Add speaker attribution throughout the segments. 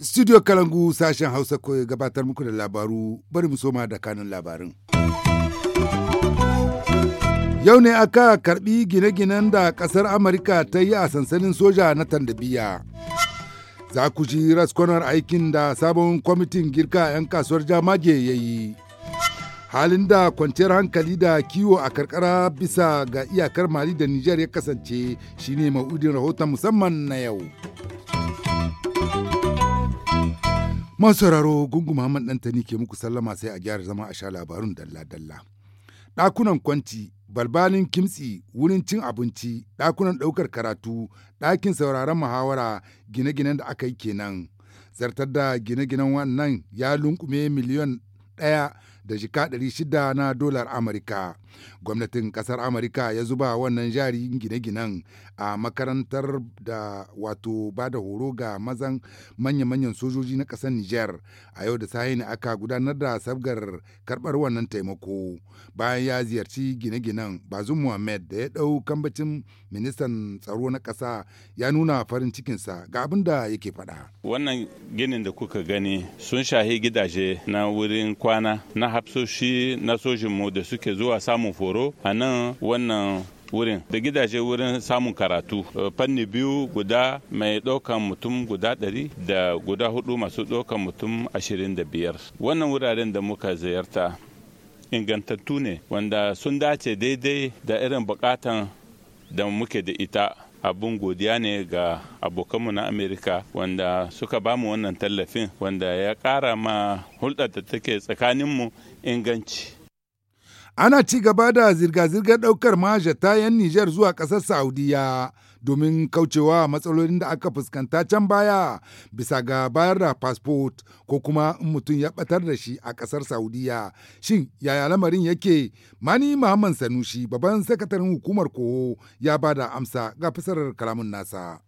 Speaker 1: studio Kalangu. sashen Hausa ko gabatar muku da labaru bari mu soma da kanun labarin. Yau ne aka karbi gine-ginen da ƙasar Amurka ta yi a sansanin soja na Tandabiya. Za ku shi raskonar aikin da sabon kwamitin girka 'yan kasuwar jamage ya yi. Halin da kwanciyar hankali da kiwo a karkara bisa ga iyakar Mali da Nijar ya kasance shine ma'udin rahoton musamman na yau. masararo gungu Muhammad Dantani ke muku sallama sai a gyara zama a sha labarun dalla-dalla. Ɗakunan kwanci balbalin kimtsi wurin cin abinci ɗakunan ɗaukar karatu ɗakin sauraron muhawara gine-ginen da aka yi kenan zartar da gine-ginen wannan ya lunkume miliyan ɗaya da jika shida na dolar amurka gwamnatin kasar amurka ya zuba wannan jari gine-ginen a makarantar da wato ba da horo ga mazan manya-manyan sojoji na kasar niger a yau da sahin aka gudanar da sabgar karbar wannan taimako bayan ya ziyarci gine-ginen bazum muhammad da ya ɗau kambacin ministan tsaro na ƙasa ya nuna farin cikinsa ga abin da yake faɗa
Speaker 2: wannan ginin da kuka gani sun shahi gidaje na wurin kwana na hafsoshi na sojinmu da suke zuwa samun samun foro a nan wannan wurin da gidaje wurin samun karatu eh, fanni biyu guda mai ɗaukan mutum guda ɗari da guda hudu masu ɗaukan mutum ashirin da biyar wannan wuraren da muka ziyarta ingantattu ne wanda sun dace daidai da irin bukatan da muke da ita abun godiya ne ga abokanmu na amerika wanda suka bamu wannan tallafin wanda ya ƙara ma hulɗar da take tsakaninmu inganci
Speaker 1: Ana ci gaba da zirga-zirgar ɗaukar mahajata 'yan Nijar zuwa ƙasar Saudiya domin kaucewa matsalolin da aka fuskanta can baya bisa ga bayar da fasfot ko kuma in mutum ya ɓatar da shi a ƙasar Saudiya. Shin yaya lamarin yake? Mani Muhammad Sanushi, babban sakataren hukumar Koho, ya ba da amsa ga fasarar kalamun nasa.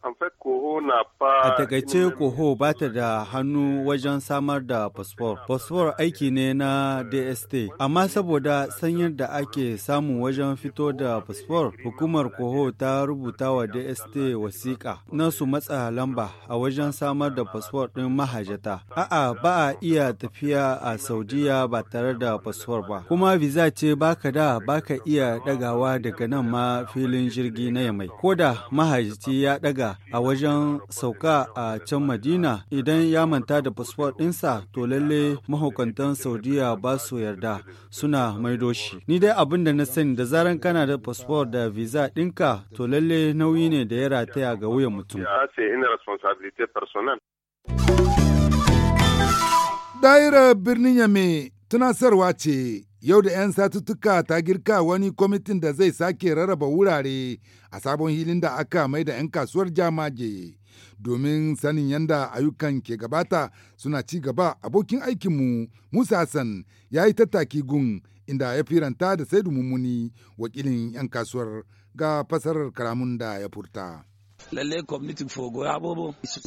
Speaker 3: A takaice koho ba ta da hannu wajen samar da fosfor. Fosfor aiki ne na DST, amma saboda sanyar da ake samu wajen fito da fosfor, hukumar koho ta rubuta wa DST wasiƙa na su matsa lamba a wajen samar da fosfor ɗin mahajata. A'a ba a iya tafiya a Saudiya ba tare da fosfor ba. Kuma visa ce baka da baka iya ɗagawa daga nan ma filin jirgi na yamai. Ko da ya ɗaga a wajen bayan sauka a can Madina idan ya manta da fasfo ɗinsa to lalle mahukuntan Saudiya ba su yarda suna maido shi. Ni dai abin da na sani da zaran kana da fasfo da visa ɗinka to lalle nauyi ne da ya rataya ga wuyan mutum.
Speaker 1: Daira birnin Yame tunasarwa ce Yau da 'yan satuttuka ta girka wani kwamitin da zai sake rarraba wurare a sabon hilin da aka mai da 'yan kasuwar jamaje. Domin sanin yadda ayyukan ke gabata suna ci gaba abokin aikinmu Musa Hassan ya yi tattaki gun inda ya firanta da Saidu Mummuni wakilin 'yan kasuwar ga fasarar karamun da ya furta. lalle kwamitin fogo ya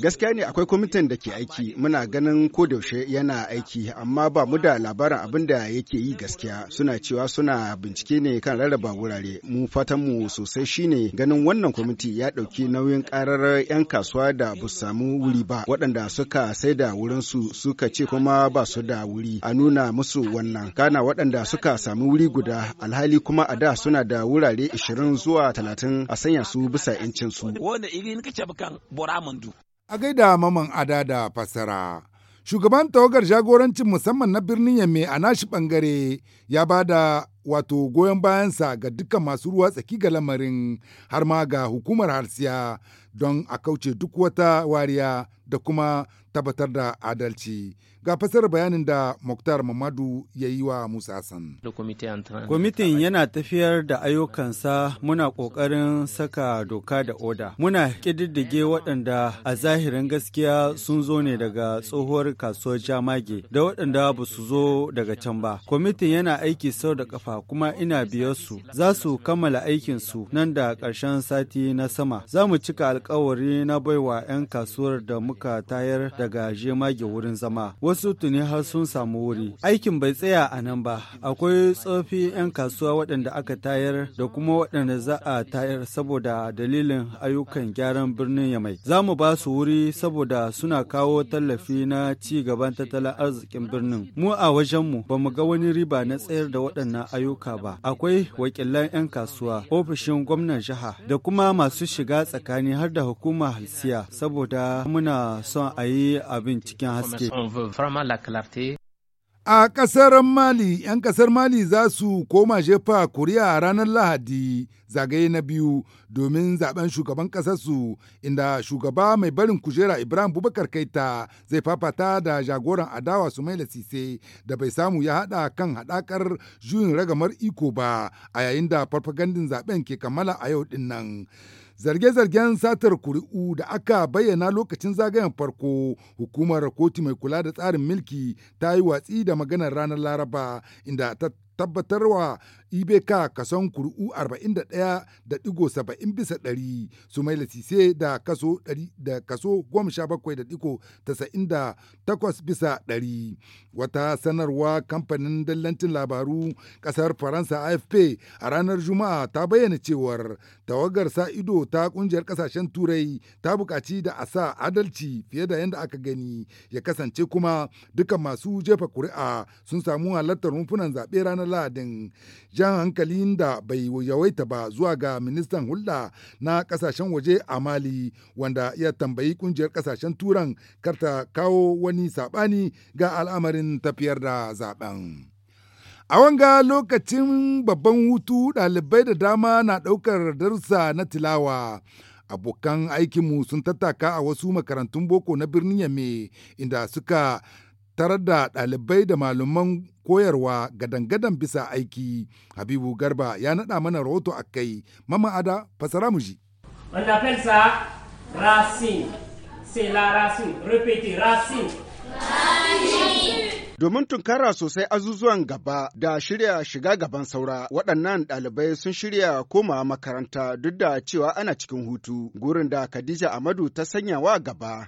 Speaker 2: Gaskiya ne akwai kwamitin da ke aiki muna ganin ko yaushe yana aiki amma ba mu da labarin abin da yake yi gaskiya suna cewa suna bincike ne kan rarraba wurare mu fatan mu sosai shine ganin wannan kwamiti ya ɗauki nauyin karar 'yan kasuwa da bu samu wuri ba waɗanda suka sai da wurin su suka ce kuma ba su da wuri a nuna musu wannan kana waɗanda suka samu wuri guda alhali kuma a da suna da wurare 20 zuwa 30 a sanya su bisa 'yancin su.
Speaker 3: irin kace bukan bora mandu
Speaker 2: a gaida maman ada da fasara shugaban tawagar jagorancin
Speaker 1: musamman na birnin yamme a nashi bangare ya ba da wato goyon bayansa ga dukkan masu ruwa tsaki ga lamarin har ma ga hukumar harsiya don a kauce duk wata wariya da kuma tabbatar da adalci ga fasar bayanin da Muktar Mamadu ya yi wa Musa Hassan. Kwamitin yana tafiyar
Speaker 3: da ayyukansa muna ƙoƙarin saka doka da oda. Muna kididdige waɗanda a zahirin gaskiya sun zo ne daga tsohuwar kasuwar jamage da waɗanda ba su zo daga can ba. Kwamitin yana aiki sau da ƙafa kuma ina biyar su. Za su kammala aikinsu nan da ƙarshen sati na sama. Za mu cika alkawari na baiwa 'yan kasuwar da muka tayar da daga jemage wurin zama. Wasu tuni har sun samu wuri. Aikin bai tsaya a nan ba. Akwai tsofi 'yan kasuwa waɗanda aka tayar da kuma waɗanda za a tayar saboda dalilin ayyukan gyaran birnin Yamai. Za mu ba su wuri saboda suna kawo tallafi na ci gaban tattalin arzikin birnin. Mu a wajenmu ba mu ga wani riba na tsayar da waɗannan ayyuka ba. Akwai wakilan 'yan kasuwa, ofishin gwamnan jiha da kuma masu shiga tsakani har da hukuma halsiya saboda muna son a yi abin
Speaker 2: haske.
Speaker 1: A ƙasar Mali, ‘yan ƙasar Mali za su koma jefa kuri'a a ranar Lahadi zagaye na biyu domin zaben shugaban ƙasarsu inda shugaba mai barin kujera Ibrahim Bubakar Kaita zai fafata da jagoran adawa su mai Sise da bai samu ya haɗa kan haɗakar juyin ragamar iko ba a yayin da farfagandin zaben ke kammala a yau ɗin Zarge-zargen satar kuri'u da aka bayyana lokacin zagayen farko, hukumar kotu mai kula da tsarin milki ta yi watsi da maganar ranar Laraba inda ta tabbatarwa Ibeka e kason kuri'u 41.70 bisa ɗari, Sumaila Sise da kaso 17.98 bisa ɗari. Wata sanarwa kamfanin dallancin labaru ƙasar Faransa AFP a ranar Juma'a ta bayyana cewar tawagar sa ido ta ƙungiyar ƙasashen Turai ta buƙaci da a sa adalci fiye da yadda aka gani ya kasance kuma dukkan masu jefa kuri'a sun samu halartar rumfunan zaɓe ranar Lahadin. jan hankali da bai yawaita ba zuwa ga ministan hulɗa na ƙasashen waje a Mali wanda ya tambayi ƙungiyar ƙasashen Turan karta kawo wani saɓani ga al'amarin tafiyar da zaben. A wanga lokacin babban hutu ɗalibai da dama na ɗaukar darussa na tilawa. Abokan aikinmu sun tattaka a wasu makarantun boko na birnin Yame inda suka tarar da ɗalibai da malaman koyarwa gadan-gadan bisa aiki. Habibu Garba ya naɗa mana rahoto a kai. Mama Ada, fasara mu ji.
Speaker 2: wanda appelle racine. C'est la racine. Répétez, racine. domin tunkara sosai azuzuwan gaba da shirya shiga gaban saura waɗannan ɗalibai sun shirya koma makaranta duk da cewa ana cikin hutu gurin da Khadija Amadu ta sanya wa gaba.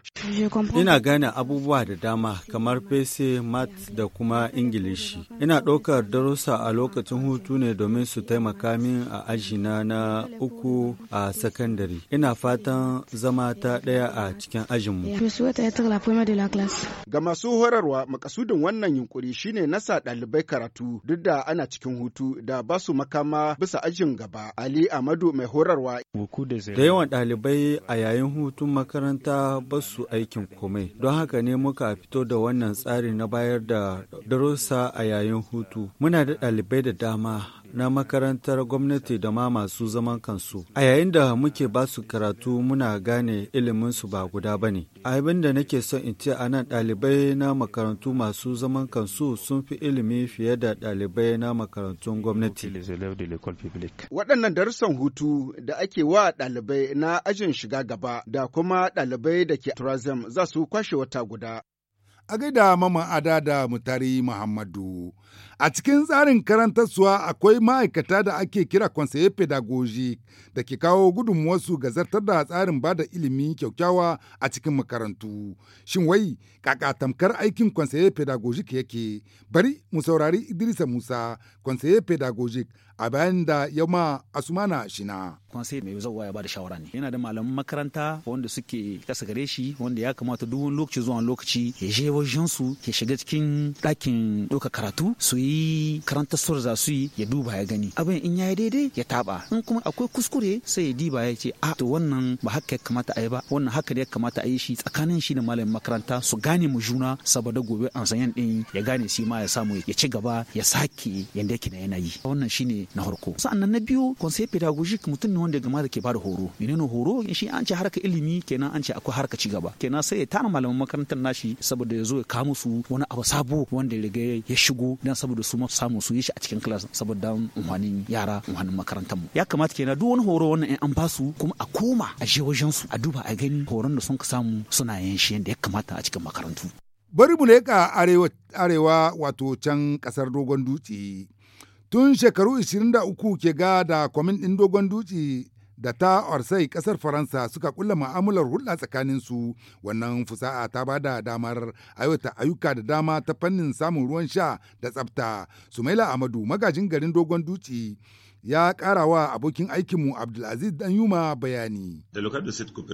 Speaker 2: Ina
Speaker 3: gane abubuwa da dama kamar fese, mat da kuma ingilishi. Ina ɗaukar darussa a lokacin hutu ne domin su taimaka min a ajina na uku a sakandare. Ina fatan zama ta ɗaya a cikin ajinmu.
Speaker 2: Ga masu horarwa makasudin wannan wannan yunkuri shine nasa ɗalibai karatu duk da ana cikin hutu da ba su makama bisa ajin gaba. Ali Amadu mai horarwa.
Speaker 3: Da yawan ɗalibai a yayin hutun makaranta basu aikin komai. Don haka ne muka fito da wannan tsari na bayar da darussa a yayin hutu. Muna da ɗalibai da dama na makarantar gwamnati da ma masu zaman kansu. A yayin da muke ba su karatu muna gane iliminsu ba guda ba ne. Abin da nake son in ce a nan ɗalibai na makarantu masu zaman kansu sun fi ilimi fiye da ɗalibai na makarantun gwamnati.
Speaker 2: Waɗannan darussan hutu da ake wa ɗalibai na ajin shiga gaba da kuma ɗalibai da ke Turazem za su kwashe wata guda. A gaida mama ada da
Speaker 1: mutari Muhammadu. A cikin tsarin karantarsuwa akwai ma'aikata da ake kira kwansaye pedagogy da ke kawo gudunmuwarsu ga zartar da tsarin ba da ilimi kyaukyawa a cikin makarantu. Shin wai kaka tamkar aikin kwansaye pedagogy yake bari mu saurari Idrisa Musa kwansaye pedagogy a bayan da ya ma asumana shina. conseil mai zauwa ya ba da shawara ne.
Speaker 3: Yana da malaman makaranta wanda suke kasa gare shi wanda ya kamata duk wani lokaci zuwa lokaci ya je wajen su ke shiga cikin ɗakin ɗauka karatu su yi yi karanta sura za su yi ya duba ya gani abin in ya daidai ya taba in kuma akwai kuskure sai ya diba ya ce a to wannan ba haka ya kamata a yi ba wannan haka ya kamata a yi shi tsakanin shi da malamin makaranta su gane mu juna saboda gobe an yan din ya gane shi ma ya samu ya ci gaba ya sake yanda yake na yanayi wannan shine na farko sannan na biyu conseil pedagogique mutum ne wanda ya gama da ke da horo menene horo shi an ce harka ilimi kenan an ce akwai harka ci gaba kenan sai ya tana malaman makarantar nashi saboda ya zo ya kawo musu wani abu sabo wanda ya riga ya shigo dan saboda saboda su samu su yi shi a cikin class saboda umarnin yara umarnin makarantar mu ya kamata kenan duk wani horo wannan an ba su kuma a koma a je wajen su a duba a gani horon
Speaker 1: da sun ka samu suna yin shi yadda ya kamata a cikin makarantu bari mu leƙa arewa arewa wato can kasar dogon dutse tun shekaru 23 ke ga da kwamin ɗin dogon dutse da ta Orsay kasar Faransa suka kulla ma'amular hulɗa tsakaninsu wannan fusa'a ta ba da damar aiwata ayyuka da dama ta fannin samun ruwan sha da tsafta. Sumaila Amadu magajin garin Dogon Dutse ya
Speaker 2: ƙara wa abokin aikinmu Abdulaziz Danyuma bayani.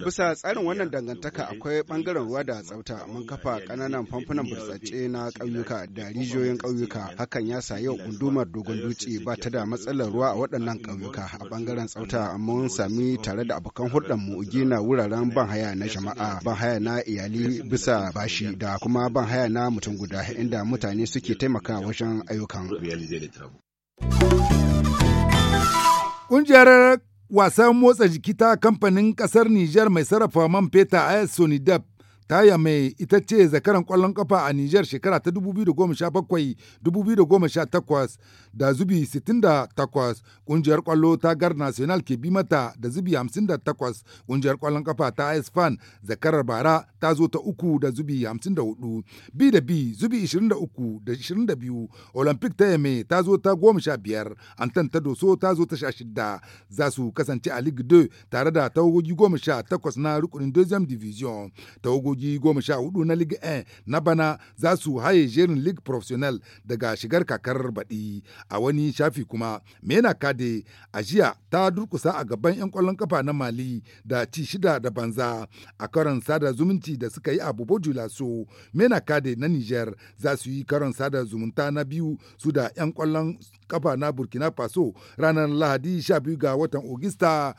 Speaker 2: Bisa tsarin wannan dangantaka akwai ɓangaren ruwa da tsafta mun kafa ƙananan famfunan burtsatse na ƙauyuka da rijiyoyin ƙauyuka hakan ya sa yau gundumar dogon dutse ba ta da matsalar ruwa a waɗannan ƙauyuka a ɓangaren tsafta mun sami tare da abokan mu gina wuraren ban haya na jama'a ban haya na iyali bisa bashi da kuma ban haya na mutum guda inda mutane suke taimaka wajen ayyukan.
Speaker 1: Ƙungiyar wasan motsa jiki ta kamfanin ƙasar Nijar mai sarrafa man feta Ayat Sunidab. Taya mai ita ce zakaran kwallon kafa a Nijar shekara ta 2017-2018 da zubi 68 kungiyar kwallo ta gar National ke bi mata da zubi 58 kungiyar kwallon kafa ta Isfan zakarar bara ta zo ta uku da zubi 54 bi da bi zubi 23 da 22 Olympic ta Yame ta zo ta 15 Antan ta Doso ta zo ta 16 za su kasance a league 2 tare da tawagogi 18 na rukunin 2 Division tawagogi tawagogi goma sha hudu na Ligue 1 na bana za su haye jerin Ligue Professional daga shigar kakar baɗi. A wani shafi kuma Mena Kade a jiya ta durkusa a gaban 'yan kwallon kafa na Mali da ci shida da banza a karon sada zumunci da suka yi a Bobojo Laso. Mena Kade na Niger za su yi karon sada zumunta na biyu su da 'yan kwallon kafa na Burkina Faso ranar Lahadi 12 ga watan Ogista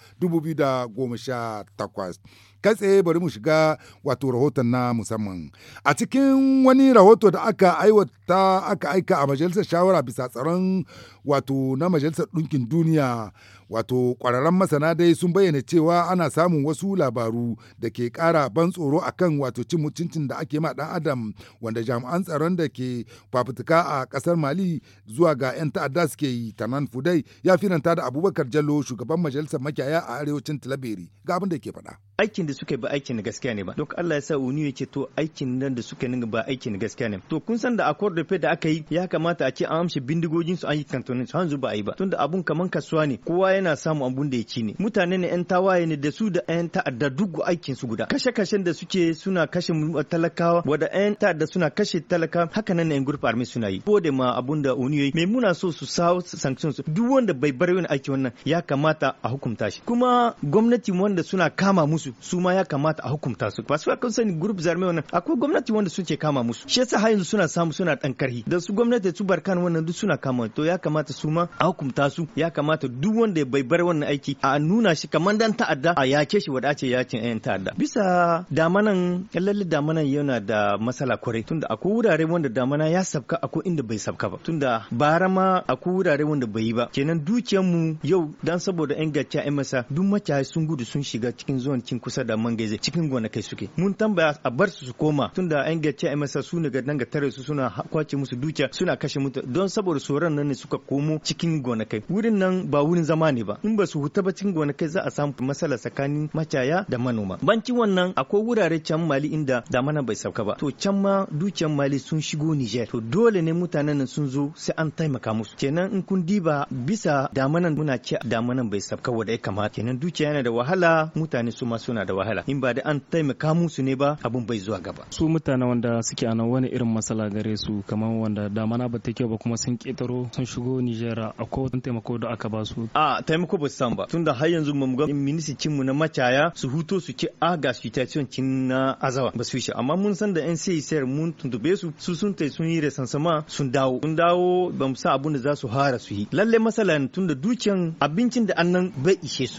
Speaker 1: takwas. kai tsaye bari mu shiga wato rahoton na musamman a cikin wani rahoto da aka aiwata ta aka aika a majalisar shawara bisa tsaron wato na majalisar ɗinkin duniya wato ƙwararren masana dai sun bayyana cewa ana samun wasu labaru da ke ƙara ban tsoro akan wato cin mutuncin da ake ma ɗan adam wanda jami'an tsaron da ke fafutuka a kasar mali zuwa ga 'yan ta'adda suke yi tanan fudai ya firanta da abubakar jallo shugaban majalisar makiyaya a arewacin tilaberi ga abin da ke faɗa. aikin da suka yi ba aikin
Speaker 4: gaskiya ne ba don allah ya sa uniyo ya ce to aikin nan da suka yi ba aikin gaskiya ne to kun san da akwai fe da aka yi ya kamata a ce an amshi bindigogin su an yi kantonin su hanzu ba a yi ba tunda abun kaman kasuwa ne kowa yana samu abun da ya ci ne mutane ne yan tawaye ne da su da yan ta'adda duk aikin su guda kashe kashen da suke suna kashe uh, talakawa wada yan ta'adda suna kashe talaka haka nan yan group army suna yi ko da ma abun da oni yayi me muna so su sawo sanction su duk wanda bai bar wani aiki wannan ya kamata a hukunta shi kuma gwamnati wanda suna kama musu su ma ya kamata a hukunta su ba su kan sani group zarme wannan akwai gwamnati wanda suke kama musu shi yasa har yanzu suna samu suna kan karhi da su gwamnati su barkan wannan duk suna kama to ya kamata su ma a hukunta su ya kamata duk wanda bai bar wannan aiki a nuna shi kamar dan ta'adda a yake shi wadace yakin ayan ta'adda bisa damanan lalle damanan yana da masala kwarai tunda akwai wurare wanda damana ya sabka akwai inda bai sabka ba tunda bara ma akwai wurare wanda bai yi ba kenan dukiyar mu yau dan saboda yan gacca yan masa duk maciyayi sun gudu sun shiga cikin zuwan cin kusa da mangaize cikin gonakai suke mun tambaya a bar su su koma tunda yan gacca yan masa su ne ga danga tare su suna kwace musu dukiya suna kashe mutu don saboda tsoron nan ne suka komo cikin gonakai wurin nan ba wurin zama ne ba in ba su huta ba cikin gonakai za a samu matsala tsakanin macaya da manoma banci wannan akwai wurare can mali inda damana bai sauka ba to can ma dukiyan mali sun shigo Niger to dole ne mutanen nan sun zo sai an taimaka musu kenan in kun diba bisa damanan muna ce damanan bai sauka wanda ya kamata kenan dukiya yana da wahala mutane su ma suna da wahala in ba da an taimaka musu ne ba abun bai zuwa gaba
Speaker 2: su mutane wanda suke a nan wani irin matsala gare su kamar wanda damana ba ta kyau ba kuma sun ƙetaro sun shigo Nijar ko wani taimako da aka ba su.
Speaker 4: A taimako ba san ba tunda har yanzu mu ga mu na macaya su huto su ci aga su cin na azawa ba su shi amma mun san da ncsr mun tuntube su su sun tai sun yi resansama sun dawo sun dawo ba mu sa abun da za su hara su yi lalle masalan tunda dukiyan abincin
Speaker 1: da annan bai ishe su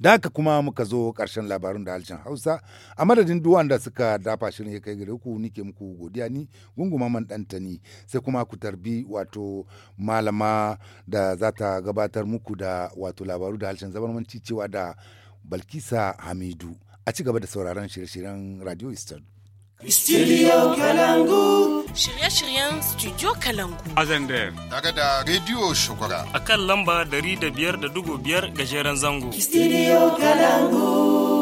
Speaker 1: Da haka kuma muka zo ƙarshen labarun da halshen Hausa a madadin duk wanda suka dafa shirin ya kai gare ku nike muku godiya ni gunguma man ɗantani sai kuma ku tarbi wato malama da za ta gabatar muku da wato labaru da halshen zamanci cewa da Balkisa Hamidu a ci gaba da sauraron shirye-shiryen Radio Eastern.
Speaker 2: Studio Kalangu. Shirye-shiryen Studio Kalangu. A Zander. Daga da Radio Shukura. A kan lamba dari da da biyar biyar gajeren zango. Studio Kalangu.